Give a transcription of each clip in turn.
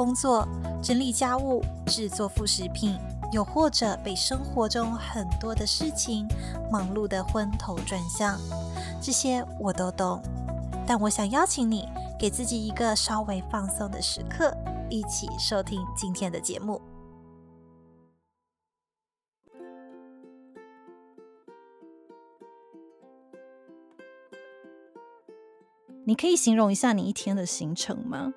工作、整理家務、製作副食品，又或者被生活中很多的事情忙碌得昏頭轉向，這些我都懂。但我想邀請你，給自己一個稍微放鬆的時刻，一起收聽今天的節目。你可以形容一下你一天的行程嗎？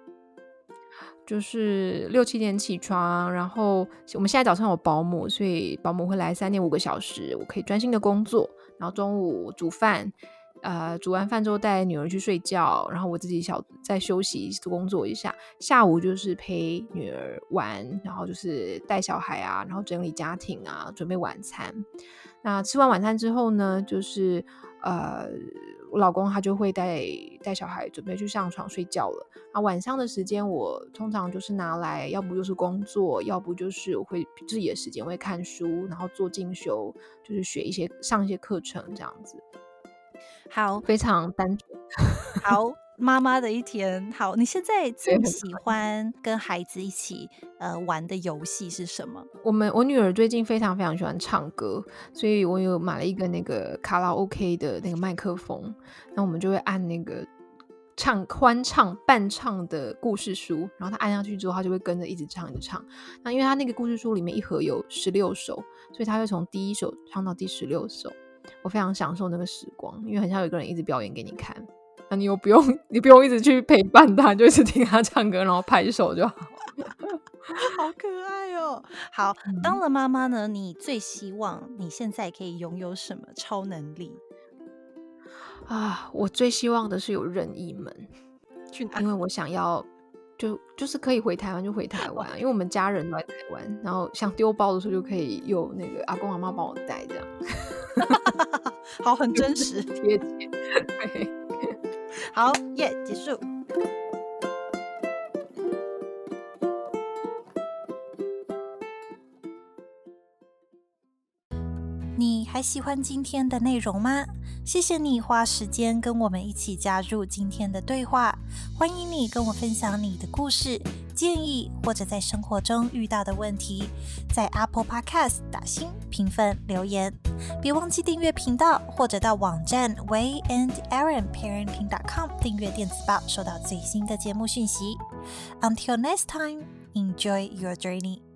就是六七點起床，然後我們現在早上有保姆，所以保姆會來三點五個小時，我可以專心的工作，然後中午煮飯，呃，煮完飯之後帶女兒去睡覺，然後我自己小再休息工作一下，下午就是陪女兒玩，然後就是帶小孩啊，然後整理家庭啊，準備晚餐。那吃完晚餐之後呢，就是呃。我老公他就會帶帶小孩準備去上床睡覺了啊。那晚上的時間我通常就是拿來，要不就是工作，要不就是我會自己的時間會看書，然後做進修，就是學一些上一些課程這樣子。好，非常單純。好。 媽媽的一天，好，你現在最喜歡跟孩子一起 呃玩的遊戲是什麼？我們我女兒最近非常非常喜歡唱歌，所以我有買了一個那個卡拉 OK 的那個麥克風，那我們就會按那個唱，歡唱，伴唱的故事書，然後她按下去之後，她就會跟着一直唱一直唱。那因為她那個故事書裡面一盒有十六首，所以她會從第一首唱到第十六首。我非常享受那個時光，因為很像有一個人一直表演給你看。你又不用，你不用一直去陪伴他，就一直聽他唱歌，然後拍手就好。 好可愛哦！好，嗯、當了媽媽呢，你最希望你現在可以擁有什麼超能力啊？我最希望的是有任意門，去哪？因為我想要就就是可以回台灣就回台灣、啊，因為我們家人都在台灣，然後想丟包的時候就可以有那個阿公阿媽幫我帶這樣。 好，很真實貼、就是好，耶，yeah！結束。你還喜歡今天的內容嗎？謝謝你花時間跟我們一起加入今天的對話。歡迎你跟我分享你的故事、建議或者在生活中遇到的問題，在 Apple Podcast 打星、評分、留言。別忘記訂閱頻道，或者到網站 WeiandErinParenting.com 訂閱電子報，收到最新的節目訊息。Until next time, enjoy your journey.